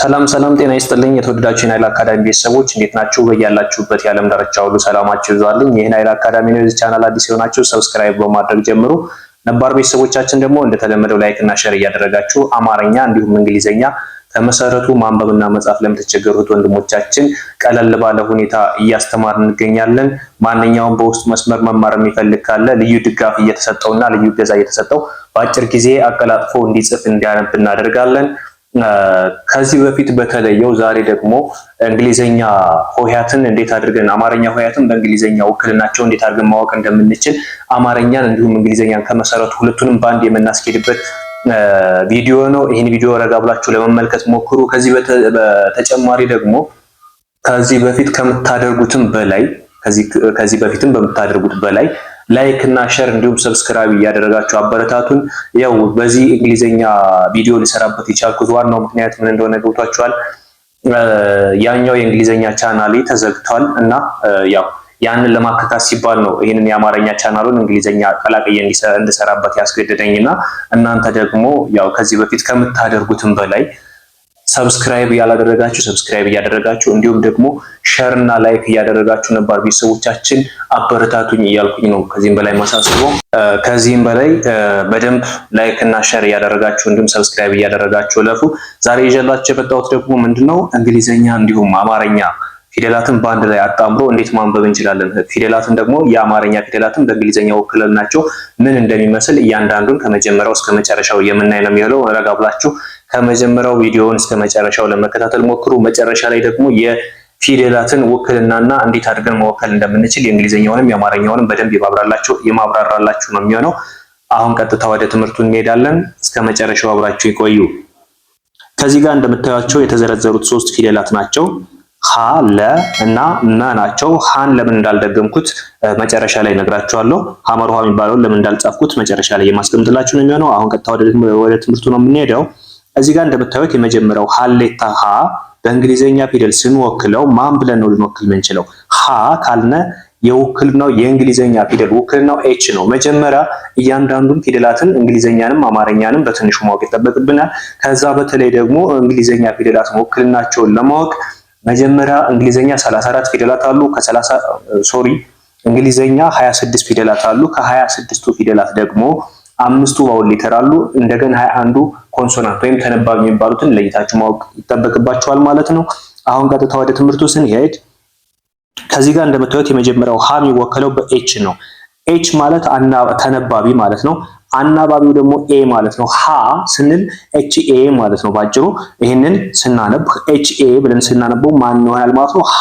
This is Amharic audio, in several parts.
ሰላም ሰላም፣ ጤና ይስጥልኝ የተወደዳችሁ የናይል አካዳሚ ቤተሰቦች እንዴት ናችሁ? በያላችሁበት የዓለም ዳርቻ ሁሉ ሰላማችሁ ይዟልኝ። ይህ ናይል አካዳሚ ነው። የዚህ ቻናል አዲስ የሆናችሁ ሰብስክራይብ በማድረግ ጀምሩ። ነባር ቤተሰቦቻችን ደግሞ እንደተለመደው ላይክ እና ሼር እያደረጋችሁ አማርኛ እንዲሁም እንግሊዝኛ ከመሰረቱ ማንበብና መጻፍ ለምትቸገሩት ወንድሞቻችን ቀለል ባለ ሁኔታ እያስተማር እንገኛለን። ማንኛውም በውስጥ መስመር መማር የሚፈልግ ካለ ልዩ ድጋፍ እየተሰጠውና ልዩ ገዛ እየተሰጠው በአጭር ጊዜ አቀላጥፎ እንዲጽፍ እንዲያነብ እናደርጋለን። ከዚህ በፊት በተለየው ዛሬ ደግሞ እንግሊዘኛ ሆሄያትን እንዴት አድርገን አማርኛ ሆሄያትን በእንግሊዘኛ ውክልናቸው እንዴት አድርገን ማወቅ እንደምንችል አማርኛን እንዲሁም እንግሊዘኛን ከመሰረቱ ሁለቱንም በአንድ የምናስኬድበት ቪዲዮ ነው። ይህን ቪዲዮ ረጋ ብላችሁ ለመመልከት ሞክሩ። ከዚህ በተጨማሪ ደግሞ ከዚህ በፊት ከምታደርጉትም በላይ ከዚህ በፊትም በምታደርጉት በላይ ላይክ እና ሸር እንዲሁም ሰብስክራይብ እያደረጋችሁ አበረታቱን። ያው በዚህ እንግሊዝኛ ቪዲዮ ሊሰራበት የቻልኩት ዋናው ምክንያት ምን እንደሆነ ገብቷችኋል። ያኛው የእንግሊዝኛ ቻናሌ ተዘግቷል እና ያው ያንን ለማካካስ ሲባል ነው ይህንን የአማርኛ ቻናሉን እንግሊዝኛ ቀላቅዬ እንድሰራበት ያስገደደኝና እናንተ ደግሞ ያው ከዚህ በፊት ከምታደርጉትም በላይ ሰብስክራይብ ያላደረጋችሁ ሰብስክራይብ እያደረጋችሁ እንዲሁም ደግሞ ሸርና ላይክ እያደረጋችሁ ነባር ቤተሰቦቻችን አበረታቱኝ እያልኩኝ ነው። ከዚህም በላይ ማሳስበው ከዚህም በላይ በደንብ ላይክ እና ሸር እያደረጋችሁ እንዲሁም ሰብስክራይብ እያደረጋችሁ ለፉ። ዛሬ ይዤላችሁ የመጣሁት ደግሞ ነው እንግሊዝኛ እንዲሁም አማርኛ ፊደላትን በአንድ ላይ አጣምሮ እንዴት ማንበብ እንችላለን፣ ፊደላትን ደግሞ የአማርኛ ፊደላትን በእንግሊዝኛ ወክለናቸው ምን እንደሚመስል እያንዳንዱን ከመጀመሪያው እስከ መጨረሻው የምናይ ነው የሚሆነው። ረጋ ብላችሁ ከመጀመሪያው ቪዲዮውን እስከ መጨረሻው ለመከታተል ሞክሩ። መጨረሻ ላይ ደግሞ የፊደላትን ውክልናና እንዴት አድርገን መወከል እንደምንችል የእንግሊዝኛውንም የአማርኛውንም በደንብ የማብራራላችሁ ነው የሚሆነው። አሁን ቀጥታ ወደ ትምህርቱ እንሄዳለን። እስከ መጨረሻው አብራችሁ ይቆዩ። ከዚህ ጋር እንደምታዩቸው የተዘረዘሩት ሶስት ፊደላት ናቸው። ሀ፣ ለ እና መ ናቸው። ሀን ለምን እንዳልደገምኩት መጨረሻ ላይ ነግራችኋለሁ። ሀመር ውሃ የሚባለውን ለምን እንዳልጻፍኩት መጨረሻ ላይ የማስቀምጥላችሁ ነው የሚሆነው። አሁን ቀጥታ ወደ ትምህርቱ ነው የምንሄደው። እዚህ ጋር እንደምታዩት የመጀመሪያው ሀሌታ ሀ በእንግሊዘኛ ፊደል ስንወክለው ማን ብለን ነው ልንወክል ምንችለው? ሀ ካልነ የውክልናው የእንግሊዘኛ ፊደል ውክልናው ኤች ነው። መጀመሪያ እያንዳንዱን ፊደላትን እንግሊዘኛንም አማርኛንም በትንሹ ማወቅ ይጠበቅብናል። ከዛ በተለይ ደግሞ እንግሊዘኛ ፊደላትን ውክልናቸውን ለማወቅ መጀመሪያ እንግሊዘኛ 34 ፊደላት አሉ። ከ30 ሶሪ እንግሊዘኛ 26 ፊደላት አሉ። ከ26ቱ ፊደላት ደግሞ አምስቱ ቫውል ሌተር አሉ። እንደገና ሀያ አንዱ ኮንሶናንት ወይም ተነባቢ የሚባሉትን ለይታችሁ ማወቅ ይጠበቅባችኋል ማለት ነው። አሁን ቀጥታ ወደ ትምህርቱ ስንሄድ ከዚህ ጋር እንደምታዩት የመጀመሪያው ሀ የሚወከለው በኤች ነው። ኤች ማለት ተነባቢ ማለት ነው። አናባቢው ደግሞ ኤ ማለት ነው። ሀ ስንል ኤች ኤ ማለት ነው። ባጭሩ ይህንን ስናነብ ኤች ኤ ብለን ስናነበው ማን ይሆናል ማለት ነው? ሀ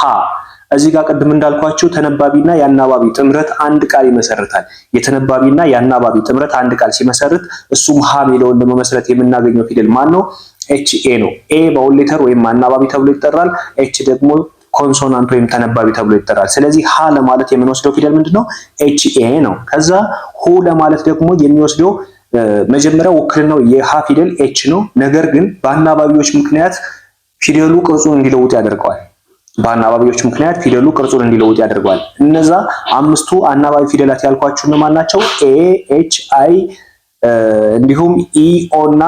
እዚህ ጋር ቅድም እንዳልኳችሁ ተነባቢና የአናባቢ ጥምረት አንድ ቃል ይመሰርታል። የተነባቢና የአናባቢ ጥምረት አንድ ቃል ሲመሰርት እሱም ሀ የሚለውን ለመመስረት የምናገኘው ፊደል ማን ነው? ኤች ኤ ነው። ኤ በሁሌተር ወይም አናባቢ ተብሎ ይጠራል። ኤች ደግሞ ኮንሶናንት ወይም ተነባቢ ተብሎ ይጠራል። ስለዚህ ሀ ለማለት የምንወስደው ፊደል ምንድነው? ኤች ኤ ነው። ከዛ ሁ ለማለት ደግሞ የሚወስደው መጀመሪያ ውክልናው የሀ ፊደል ኤች ነው። ነገር ግን በአናባቢዎች ምክንያት ፊደሉ ቅርጹን እንዲለውጥ ያደርገዋል። በአናባቢዎች ምክንያት ፊደሉ ቅርጹን እንዲለውጥ ያደርገዋል። እነዛ አምስቱ አናባቢ ፊደላት ያልኳችሁ እነማን ናቸው? ኤ፣ ኤች፣ አይ እንዲሁም ኢ፣ ኦ እና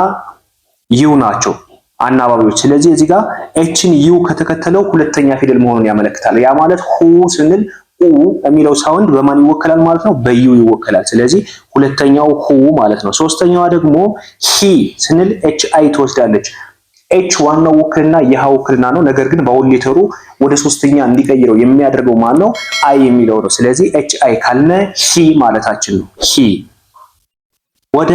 ዩ ናቸው አናባቢዎች። ስለዚህ እዚህ ጋር ኤችን ዩ ከተከተለው ሁለተኛ ፊደል መሆኑን ያመለክታል። ያ ማለት ሁ ስንል ኡ የሚለው ሳውንድ በማን ይወከላል ማለት ነው? በዩ ይወከላል። ስለዚህ ሁለተኛው ሁ ማለት ነው። ሶስተኛዋ ደግሞ ሂ ስንል ኤች አይ ትወስዳለች። ኤች ዋናው ውክልና የሃ ውክልና ነው። ነገር ግን ባውል ሌተሩ ወደ ሶስተኛ እንዲቀይረው የሚያደርገው ማን ነው? አይ የሚለው ነው። ስለዚህ ኤች አይ ካልነ ሂ ማለታችን ነው። ሂ ወደ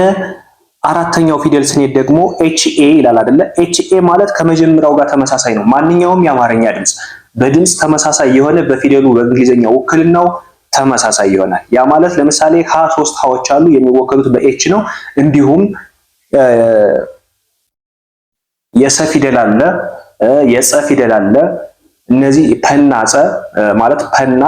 አራተኛው ፊደል ስንሄድ ደግሞ ኤችኤ ይላል አይደለ? ኤችኤ ማለት ከመጀመሪያው ጋር ተመሳሳይ ነው። ማንኛውም የአማርኛ ድምፅ በድምፅ ተመሳሳይ የሆነ በፊደሉ በእንግሊዝኛ ውክልናው ተመሳሳይ ይሆናል። ያ ማለት ለምሳሌ ሀ ሶስት ሀዎች አሉ የሚወከሉት በኤች ነው። እንዲሁም የሰ ፊደል አለ፣ የፀ ፊደል አለ። እነዚህ ፐና ማለት ፐና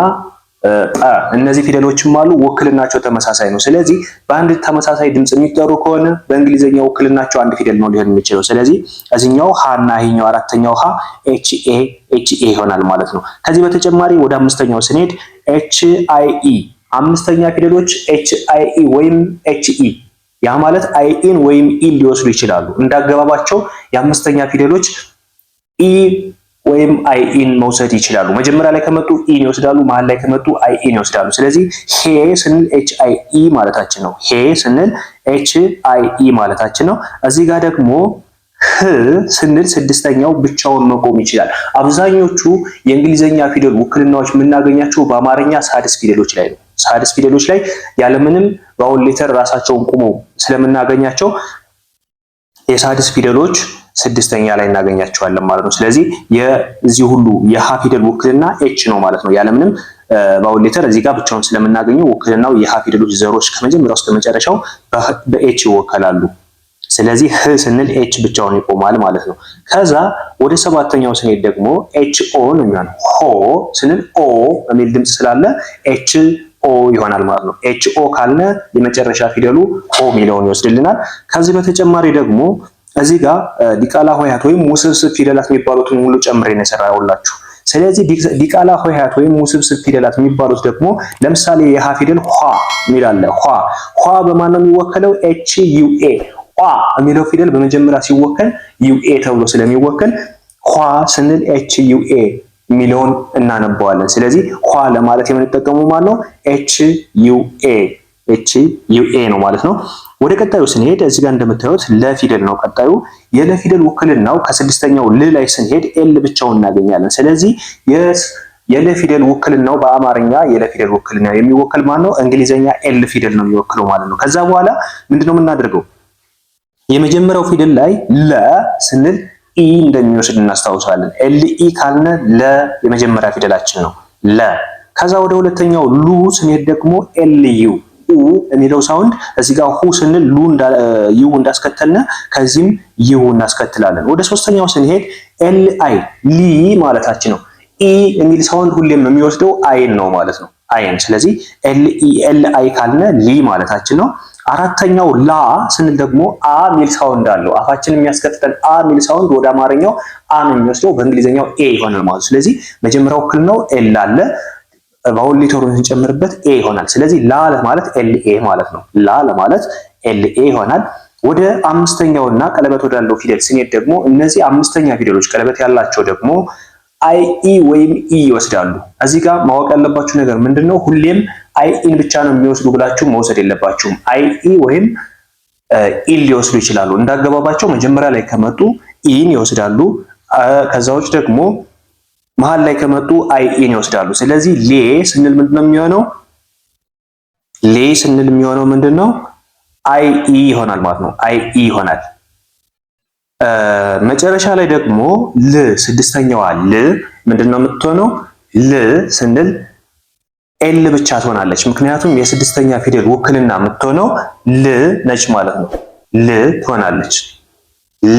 እነዚህ ፊደሎችም አሉ፣ ውክልናቸው ተመሳሳይ ነው። ስለዚህ በአንድ ተመሳሳይ ድምጽ የሚጠሩ ከሆነ በእንግሊዘኛ ውክልናቸው አንድ ፊደል ነው ሊሆን የሚችለው። ስለዚህ እዚኛው ሀ እና ይሄኛው አራተኛው ሀ ኤች ኤ ኤች ኤ ይሆናል ማለት ነው። ከዚህ በተጨማሪ ወደ አምስተኛው ስንሄድ ኤች አይ ኢ አምስተኛ ፊደሎች ኤች አይ ኢ ወይም ኤች ኢ ያ ማለት አይ ኢን ወይም ኢ ሊወስዱ ይችላሉ። እንዳገባባቸው የአምስተኛ ፊደሎች ወይም አይ መውሰድ ይችላሉ። መጀመሪያ ላይ ከመጡ ኢን ይወስዳሉ፣ መሀል ላይ ከመጡ አይ ይወስዳሉ። ስለዚህ ሄ ስንል ኤች አይ ኢ ማለታችን ነው። ሄ ስንል ኤች አይ ኢ ማለታችን ነው። እዚህ ጋር ደግሞ ህ ስንል ስድስተኛው ብቻውን መቆም ይችላል። አብዛኞቹ የእንግሊዝኛ ፊደል ውክልናዎች የምናገኛቸው በአማርኛ ሳድስ ፊደሎች ላይ ነው። ሳድስ ፊደሎች ላይ ያለምንም ባውል ሌተር ራሳቸውን ቁመው ስለምናገኛቸው የሳድስ ፊደሎች ስድስተኛ ላይ እናገኛቸዋለን ማለት ነው። ስለዚህ የዚህ ሁሉ የሀ ፊደል ውክልና ኤች ነው ማለት ነው። ያለምንም ቫውል ሌተር እዚህ ጋር ብቻውን ስለምናገኘው ውክልናው የሀ ፊደሎች ዘሮች ከመጀመሪያው እስከ መጨረሻው በኤች ይወከላሉ። ስለዚህ ህ ስንል ኤች ብቻውን ይቆማል ማለት ነው። ከዛ ወደ ሰባተኛው ስንሄድ ደግሞ ኤች ኦ ነው የሚሆነው። ሆ ስንል ኦ የሚል ድምፅ ስላለ ኤችን ኦ ይሆናል ማለት ነው። ኤች ኦ ካለ የመጨረሻ ፊደሉ ኦ የሚለውን ይወስድልናል። ከዚህ በተጨማሪ ደግሞ እዚህ ጋር ዲቃላ ሆሄያት ወይም ውስብስብ ፊደላት የሚባሉትን ሁሉ ጨምሬ ነው የሰራሁላችሁ። ስለዚህ ዲቃላ ሆሄያት ወይም ውስብስብ ፊደላት የሚባሉት ደግሞ ለምሳሌ የሃ ፊደል ኋ የሚል ኋ ኋ በማን ነው የሚወከለው? ኤች ዩ ኤ ኳ የሚለው ፊደል በመጀመሪያ ሲወከል ዩኤ ተብሎ ስለሚወከል ኳ ስንል ኤች ዩኤ የሚለውን እናነበዋለን። ስለዚህ ኳ ለማለት የምንጠቀሙ ማለት ነው ኤች ዩ ኤ ኤች ዩ ኤ ነው ማለት ነው። ወደ ቀጣዩ ስንሄድ እዚህ ጋር እንደምታዩት ለፊደል ነው ቀጣዩ። የለፊደል ውክልናው ከስድስተኛው ል ላይ ስንሄድ ኤል ብቻውን እናገኛለን። ስለዚህ የለፊደል ውክልናው በአማርኛ የለፊደል ውክልና የሚወክል ማለት ነው እንግሊዘኛ ኤል ፊደል ነው የሚወክለው ማለት ነው። ከዛ በኋላ ምንድነው የምናደርገው የመጀመሪያው ፊደል ላይ ለ ስንል ኢ እንደሚወስድ እናስታውሳለን። ኤል ኢ ካልነ ለ የመጀመሪያ ፊደላችን ነው ለ። ከዛ ወደ ሁለተኛው ሉ ስንሄድ ደግሞ ኤል ዩ ኡ የሚለው ሳውንድ እዚህ ጋር ሁ ስንል ሉ ዩ እንዳስከተልነ ከዚህም ይሁ እናስከትላለን። ወደ ሶስተኛው ስንሄድ ኤል አይ ሊ ማለታችን ነው። ኢ የሚል ሳውንድ ሁሌም የሚወስደው አይን ነው ማለት ነው አይን። ስለዚህ ኤል ኢ ኤል አይ ካልነ ሊ ማለታችን ነው። አራተኛው ላ ስንል ደግሞ አ ሚል ሳውንድ አለው። አፋችን የሚያስከትለን አ ሚል ሳውንድ ወደ አማርኛው አ ነው የሚወስደው፣ በእንግሊዝኛው ኤ ይሆናል ማለት ነው። ስለዚህ መጀመሪያው ክል ነው ኤል አለ ባውል ሊተሩን ስንጨምርበት ኤ ይሆናል። ስለዚህ ላ ለማለት ኤል ኤ ማለት ነው። ላ ለማለት ኤል ኤ ይሆናል። ወደ አምስተኛውና ቀለበት ወዳለው ፊደል ስንሄድ ደግሞ እነዚህ አምስተኛ ፊደሎች ቀለበት ያላቸው ደግሞ አይ ኢ ወይም ኢ ይወስዳሉ። እዚህ ጋር ማወቅ ያለባችሁ ነገር ምንድን ነው? ሁሌም አይ ኢን ብቻ ነው የሚወስዱ ብላችሁ መውሰድ የለባችሁም። አይ ወይም ኢን ሊወስዱ ይችላሉ። እንዳገባባቸው መጀመሪያ ላይ ከመጡ ኢን ይወስዳሉ። ከዛዎች ደግሞ መሀል ላይ ከመጡ አይ ኢን ይወስዳሉ። ስለዚህ ሌ ስንል ምንድነው የሚሆነው? ሌ ስንል የሚሆነው ምንድነው? አይ ኢ ይሆናል ማለት ነው። አይ ኢ ይሆናል። መጨረሻ ላይ ደግሞ ል ስድስተኛዋ ል ምንድን ነው የምትሆነው? ል ስንል ኤል ብቻ ትሆናለች። ምክንያቱም የስድስተኛ ፊደል ውክልና የምትሆነው ል ነች ማለት ነው። ል ትሆናለች።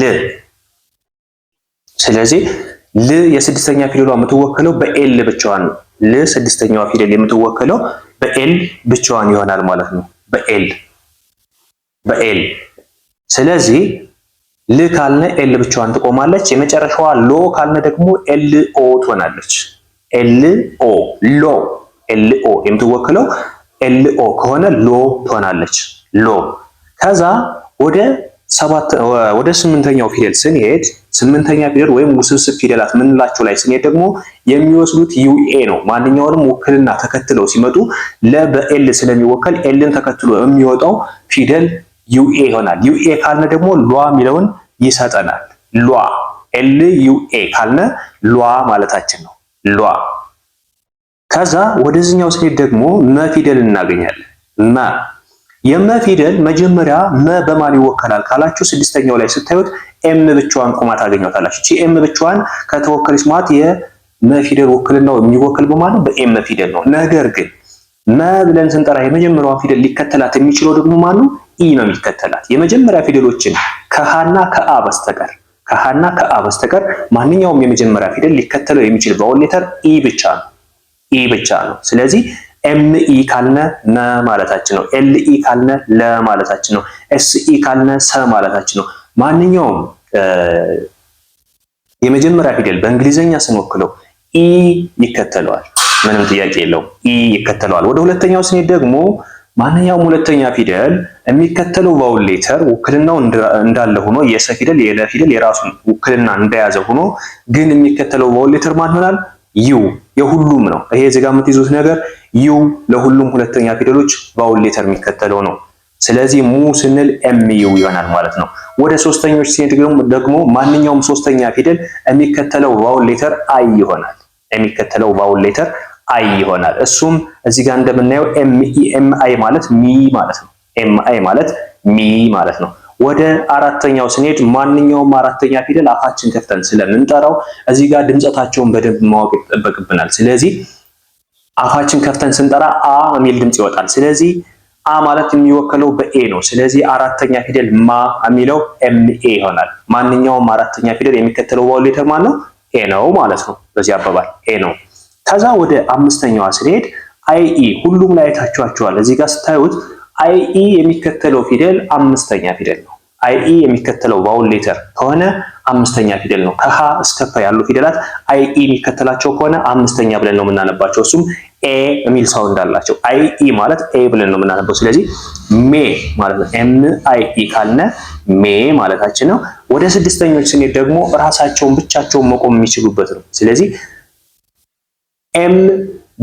ል ስለዚህ ል የስድስተኛ ፊደሏ የምትወክለው በኤል ብቻዋን ነው። ል ስድስተኛዋ ፊደል የምትወክለው በኤል ብቻዋን ይሆናል ማለት ነው። በኤል በኤል ስለዚህ ል ካልነ ኤል ብቻዋን ትቆማለች። የመጨረሻዋ ሎ ካልነ ደግሞ ኤል ኦ ትሆናለች። ኤል ኦ ሎ ኤል ኦ የምትወክለው ኤል ኦ ከሆነ ሎ ትሆናለች። ሎ ከዛ ወደ ሰባት ወደ ስምንተኛው ፊደል ስንሄድ ስምንተኛ ፊደል ወይም ውስብስብ ፊደላት ምንላቸው ላይ ስንሄድ ደግሞ የሚወስዱት ዩኤ ነው። ማንኛውንም ውክልና ተከትለው ሲመጡ ለ ኤል ስለሚወከል ኤልን ተከትሎ የሚወጣው ፊደል ዩኤ ይሆናል። ዩኤ ካልነ ደግሞ ሏ የሚለውን ይሰጠናል። ሏ ኤል ዩ ኤ ካልነ ሏ ማለታችን ነው። ሏ ከዛ ወደዚህኛው ስሌት ደግሞ መ ፊደል እናገኛለን። መ የመ ፊደል መጀመሪያ መ በማን ይወከላል ካላችሁ ስድስተኛው ላይ ስታዩት ኤም ብቻዋን ቁማ ታገኛታላችሁ። እቺ ኤም ብቻዋን ከተወከለች ማለት የመ ፊደል ውክልናው የሚወክል በማን ነው? በኤም ፊደል ነው። ነገር ግን መ ብለን ስንጠራ የመጀመሪያዋን ፊደል ሊከተላት የሚችለው ደግሞ ማን ነው? ኢ ነው የሚከተላት የመጀመሪያ ፊደሎችን ከሃና ከአ በስተቀር ከሃና ከአ በስተቀር ማንኛውም የመጀመሪያ ፊደል ሊከተለው የሚችል ቫውል ሌተር ኢ ብቻ ነው። ኢ ብቻ ነው። ስለዚህ ኤም ኢ ካልነ መ ማለታችን ነው። ኤል ኢ ካልነ ለ ማለታችን ነው። ኤስ ኢ ካልነ ሰ ማለታችን ነው። ማንኛውም የመጀመሪያ ፊደል በእንግሊዘኛ ስንወክለው ኢ ይከተለዋል። ምንም ጥያቄ የለውም። ኢ ይከተለዋል። ወደ ሁለተኛው ስንሄድ ደግሞ ማንኛውም ሁለተኛ ፊደል የሚከተለው ቫውል ሌተር ውክልናው እንዳለ ሆኖ የሰ ፊደል የለ ፊደል የራሱን ውክልና እንደያዘ ሆኖ ግን የሚከተለው ቫውል ሌተር ማን ይሆናል? ዩ የሁሉም ነው። ይሄ እዚህ ጋር የምትይዙት ነገር ዩ ለሁሉም ሁለተኛ ፊደሎች ቫውል ሌተር የሚከተለው ነው። ስለዚህ ሙ ስንል ኤም ዩ ይሆናል ማለት ነው። ወደ ሶስተኞች ሲሄድ ደግሞ ማንኛውም ሶስተኛ ፊደል የሚከተለው ቫውል ሌተር አይ ይሆናል። የሚከተለው ቫውል ሌተር አይ ይሆናል። እሱም እዚህ ጋር እንደምናየው ኤም አይ ማለት ሚ ማለት ነው። ኤም አይ ማለት ሚ ማለት ነው። ወደ አራተኛው ስንሄድ ማንኛውም አራተኛ ፊደል አፋችን ከፍተን ስለምንጠራው እዚህ ጋር ድምፀታቸውን በደንብ ማወቅ ይጠበቅብናል። ስለዚህ አፋችን ከፍተን ስንጠራ አ የሚል ድምጽ ይወጣል። ስለዚህ አ ማለት የሚወከለው በኤ ነው። ስለዚህ አራተኛ ፊደል ማ የሚለው ኤም ኤ ይሆናል። ማንኛውም አራተኛ ፊደል የሚከተለው ባሉ ነው? ኤ ነው ማለት ነው። በዚህ አባባል ኤ ነው። ከዛ ወደ አምስተኛዋ ስንሄድ አይኢ ሁሉም ላይ አይታችኋቸዋል። እዚህ ጋር ስታዩት አይኢ የሚከተለው ፊደል አምስተኛ ፊደል ነው። አይኢ የሚከተለው ቫውል ሌተር ከሆነ አምስተኛ ፊደል ነው። ከሀ እስከ ፐ ያሉ ፊደላት አይኢ የሚከተላቸው ከሆነ አምስተኛ ብለን ነው የምናነባቸው። እሱም ኤ የሚል ሳውንድ አላቸው። አይኢ ማለት ኤ ብለን ነው የምናነበው። ስለዚህ ሜ ማለት ነው። ኤም አይኢ ካልነ ሜ ማለታችን ነው። ወደ ስድስተኞች ስንሄድ ደግሞ ራሳቸውን ብቻቸውን መቆም የሚችሉበት ነው። ስለዚህ ኤም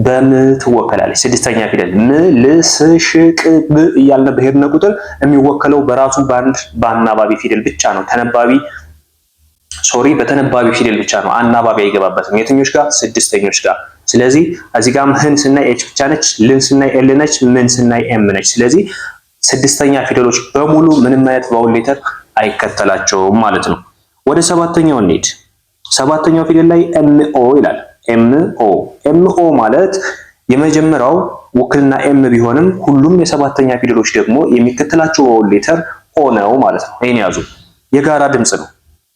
በም ትወከላለች። ስድስተኛ ፊደል ም ል ስ ሽ ቅ ብ እያልን በሄድነ ቁጥር የሚወከለው በራሱ በአንድ በአናባቢ ፊደል ብቻ ነው። ተነባቢ ሶሪ፣ በተነባቢ ፊደል ብቻ ነው። አናባቢ አይገባበትም። የትኞች ጋር? ስድስተኞች ጋር። ስለዚህ እዚህ ጋር ህን ስናይ ኤች ብቻ ነች፣ ልን ስናይ ኤል ነች፣ ምን ስናይ ኤም ነች። ስለዚህ ስድስተኛ ፊደሎች በሙሉ ምንም አይነት ቫውል ሌተር አይከተላቸውም ማለት ነው። ወደ ሰባተኛው እንሂድ። ሰባተኛው ፊደል ላይ ኤም ኦ ይላል። ኤምኦ ኤምኦ ማለት የመጀመሪያው ውክልና ኤም ቢሆንም ሁሉም የሰባተኛ ፊደሎች ደግሞ የሚከተላቸው ወል ሌተር ኦ ነው ማለት ነው። ይሄን ያዙ። የጋራ ድምፅ ነው።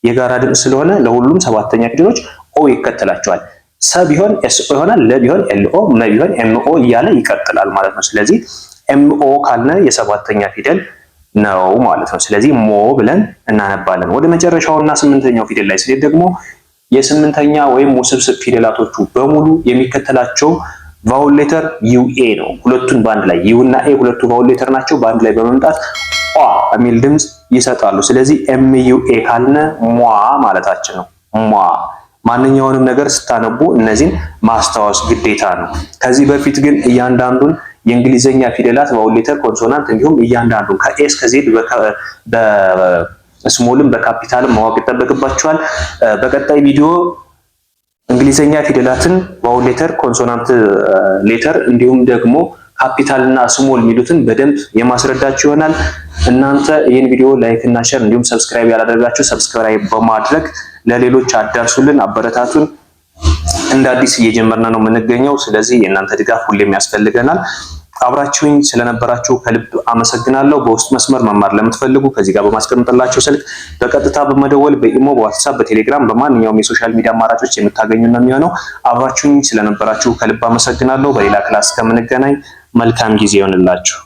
የጋራ ድምፅ ስለሆነ ለሁሉም ሰባተኛ ፊደሎች ኦ ይከተላቸዋል። ሰ ቢሆን ኤስኦ ይሆናል። ለ ቢሆን ኤልኦ፣ መ ቢሆን ኤምኦ እያለ ይቀጥላል ማለት ነው። ስለዚህ ኤምኦ ካልነ የሰባተኛ ፊደል ነው ማለት ነው። ስለዚህ ሞ ብለን እናነባለን። ወደ መጨረሻውና ስምንተኛው ፊደል ላይ ስሌት ደግሞ የስምንተኛ ወይም ውስብስብ ፊደላቶቹ በሙሉ የሚከተላቸው ቫውል ሌተር ዩኤ ነው። ሁለቱን በአንድ ላይ ዩ እና ኤ ሁለቱ ቫውል ሌተር ናቸው። በአንድ ላይ በመምጣት ኦ የሚል ድምፅ ይሰጣሉ። ስለዚህ ኤም ዩ ኤ ካልነ ሟ ማለታችን ነው። ሟ ማንኛውንም ነገር ስታነቡ እነዚህን ማስታወስ ግዴታ ነው። ከዚህ በፊት ግን እያንዳንዱን የእንግሊዝኛ ፊደላት ቫውል ሌተር፣ ኮንሶናንት እንዲሁም እያንዳንዱን ከኤ እስከ ዜድ ስሞልም በካፒታልም ማወቅ ይጠበቅባቸዋል። በቀጣይ ቪዲዮ እንግሊዘኛ ፊደላትን ቫውል ሌተር፣ ኮንሶናንት ሌተር እንዲሁም ደግሞ ካፒታል እና ስሞል የሚሉትን በደንብ የማስረዳችሁ ይሆናል። እናንተ ይህን ቪዲዮ ላይክ እና ሼር እንዲሁም ሰብስክራይብ ያላደረጋችሁ ሰብስክራይብ በማድረግ ለሌሎች አዳርሱልን፣ አበረታቱን። እንደ አዲስ እየጀመርን ነው የምንገኘው። ስለዚህ የእናንተ ድጋፍ ሁሌም ያስፈልገናል። አብራችሁኝ ስለነበራችሁ ከልብ አመሰግናለሁ። በውስጥ መስመር መማር ለምትፈልጉ ከዚህ ጋር በማስቀምጥላችሁ ስልክ በቀጥታ በመደወል በኢሞ፣ በዋትሳፕ፣ በቴሌግራም በማንኛውም የሶሻል ሚዲያ አማራጮች የምታገኙ ነው የሚሆነው። አብራችሁኝ ስለነበራችሁ ከልብ አመሰግናለሁ። በሌላ ክላስ ከምንገናኝ መልካም ጊዜ ይሆንላችሁ።